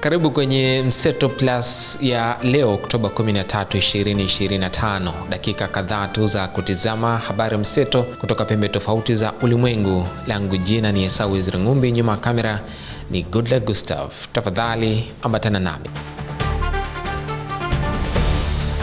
Karibu kwenye Mseto Plus ya leo Oktoba 13, 2025. Dakika kadhaa tu za kutizama habari mseto kutoka pembe tofauti za ulimwengu. Langu jina ni Esau Wizring'umbi, nyuma ya kamera ni Goodluck Gustav. Tafadhali ambatana nami.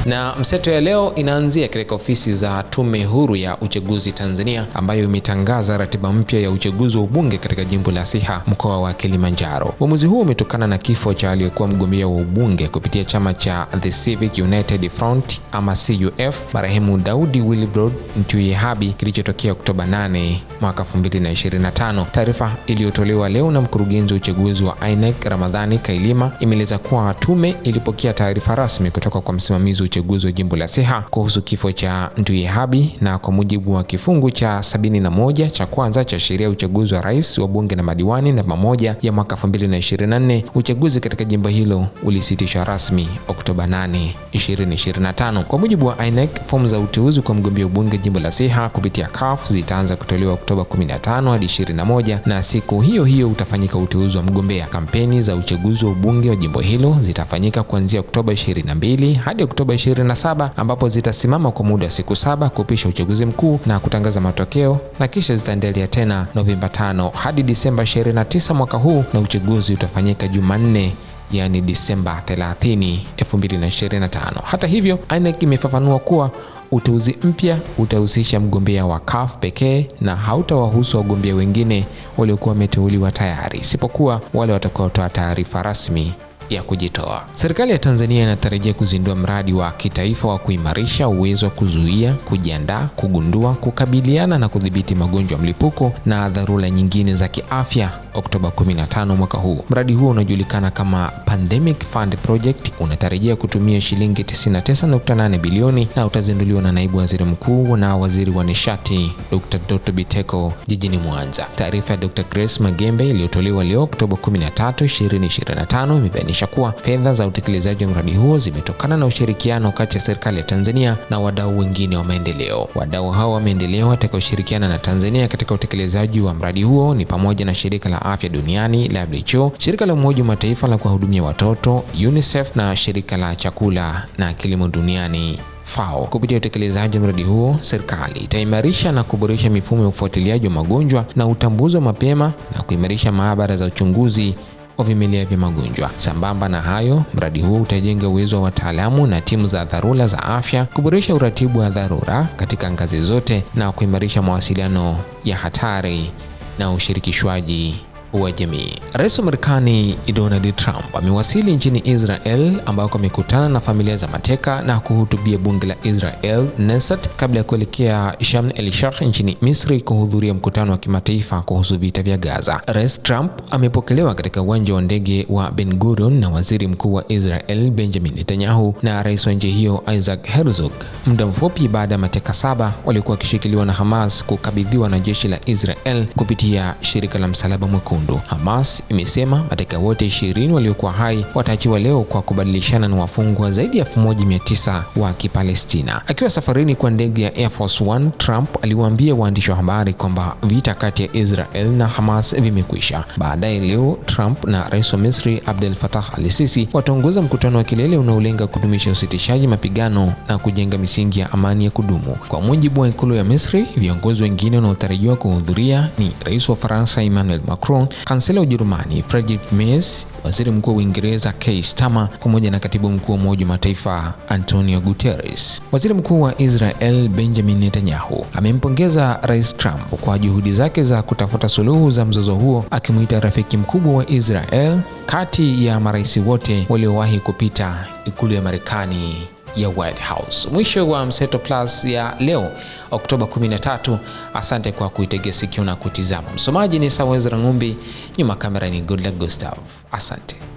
Na mseto ya leo inaanzia katika ofisi za Tume Huru ya Uchaguzi Tanzania ambayo imetangaza ratiba mpya ya uchaguzi wa ubunge katika jimbo la Siha, mkoa wa Kilimanjaro. Uamuzi huo umetokana na kifo cha aliyekuwa mgombea wa ubunge kupitia chama cha The Civic United Front ama CUF, marehemu Daudi Willibrod Ntuyehabi kilichotokea Oktoba 8 mwaka 2025. Taarifa iliyotolewa leo na mkurugenzi wa uchaguzi wa INEC Ramadhani Kailima imeeleza kuwa tume ilipokea taarifa rasmi kutoka kwa msimamizi uchaguzi wa jimbo la Siha kuhusu kifo cha Nduihabi, na kwa mujibu wa kifungu cha 71 cha kwanza cha sheria ya uchaguzi wa rais wa bunge na madiwani namba moja ya mwaka 2024, uchaguzi katika jimbo hilo ulisitishwa rasmi Oktoba 8, 2025. Kwa mujibu wa INEC, fomu za uteuzi kwa mgombea ubunge jimbo la Siha kupitia CUF zitaanza kutolewa Oktoba 15 hadi 21, na siku hiyo hiyo utafanyika uteuzi wa mgombea. Kampeni za uchaguzi wa ubunge wa jimbo hilo zitafanyika kuanzia Oktoba 22 hadi Oktoba 27 ambapo zitasimama kwa muda wa siku saba kupisha uchaguzi mkuu na kutangaza matokeo na kisha zitaendelea tena Novemba 5 hadi Disemba 29 mwaka huu na uchaguzi utafanyika Jumanne yaani Disemba 30, 2025. Hata hivyo, INEC imefafanua kuwa uteuzi mpya utahusisha mgombea wa CUF pekee na hautawahusu wagombea wengine waliokuwa wameteuliwa tayari isipokuwa wale watakaotoa taarifa rasmi ya kujitoa. Serikali ya Tanzania inatarajia kuzindua mradi wa kitaifa wa kuimarisha uwezo wa kuzuia, kujiandaa, kugundua, kukabiliana na kudhibiti magonjwa mlipuko na dharura nyingine za kiafya Oktoba 15 mwaka huu. Mradi huo unaojulikana kama Pandemic Fund Project unatarajia kutumia shilingi 99.8 bilioni na utazinduliwa na naibu waziri mkuu na waziri wa nishati Dr. Doto Biteko jijini Mwanza. Taarifa ya Dr. Grace Magembe iliyotolewa leo Oktoba 13, 2025 imebainisha kuwa fedha za utekelezaji wa mradi huo zimetokana na ushirikiano kati ya serikali ya Tanzania na wadau wengine wa maendeleo. Wadau hao wa maendeleo watakaoshirikiana na Tanzania katika utekelezaji wa mradi huo ni pamoja na shirika la Afya Duniani WHO, shirika la Umoja wa Mataifa la kuwahudumia watoto UNICEF na shirika la chakula na kilimo duniani FAO. Kupitia utekelezaji wa mradi huo, serikali itaimarisha na kuboresha mifumo ya ufuatiliaji wa magonjwa na utambuzi wa mapema na kuimarisha maabara za uchunguzi wa vimelea vya magonjwa. Sambamba na hayo, mradi huo utajenga uwezo wa wataalamu na timu za dharura za afya, kuboresha uratibu wa dharura katika ngazi zote na kuimarisha mawasiliano ya hatari na ushirikishwaji wa jamii. Rais wa Marekani Donald Trump amewasili nchini Israel ambako amekutana na familia za mateka na kuhutubia bunge la Israel Knesset kabla ya kuelekea Sharm el-Sheikh nchini Misri kuhudhuria mkutano wa kimataifa kuhusu vita vya Gaza. Rais Trump amepokelewa katika uwanja wa ndege wa Ben Gurion na Waziri Mkuu wa Israel Benjamin Netanyahu na rais wa nchi hiyo Isaac Herzog, muda mfupi baada ya mateka saba waliokuwa wakishikiliwa na Hamas kukabidhiwa na jeshi la Israel kupitia shirika la Msalaba Mwekundu nyekundu. Hamas imesema mateka wote ishirini waliokuwa hai wataachiwa leo kwa kubadilishana na wafungwa zaidi ya 1900 wa Kipalestina. Akiwa safarini kwa ndege ya Air Force One, Trump aliwaambia waandishi wa habari kwamba vita kati ya Israel na Hamas vimekwisha. Baadaye leo Trump na rais wa Misri Abdel Fattah al-Sisi wataongoza mkutano wa kilele unaolenga kudumisha usitishaji mapigano na kujenga misingi ya amani ya kudumu. Kwa mujibu wa ikulu ya Misri, viongozi wengine wanaotarajiwa kuhudhuria ni rais wa Faransa Emmanuel Macron kansela wa Ujerumani Friedrich Merz, waziri mkuu wa Uingereza Keir Starmer pamoja na katibu mkuu wa Umoja wa Mataifa Antonio Guterres. Waziri mkuu wa Israel Benjamin Netanyahu amempongeza Rais Trump kwa juhudi zake za kutafuta suluhu za mzozo huo, akimwita rafiki mkubwa wa Israel kati ya marais wote waliowahi kupita ikulu ya Marekani ya White House. Mwisho wa Mseto Plus ya leo Oktoba 13. Asante kwa kuitegea sikio na kutizama. Msomaji ni Samuel Ngumbi, nyuma kamera ni Goodluck Gustav. Asante.